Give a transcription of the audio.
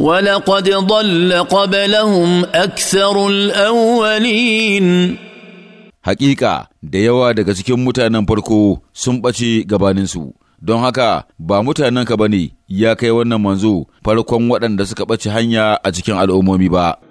ولقد ضل قبلهم أكثر الأولين Haƙiƙa da yawa daga cikin mutanen farko sun ɓace gabaninsu, don haka ba mutanenka ka bane ya kai wannan manzo farkon waɗanda suka ɓace hanya a cikin al'ummomi ba.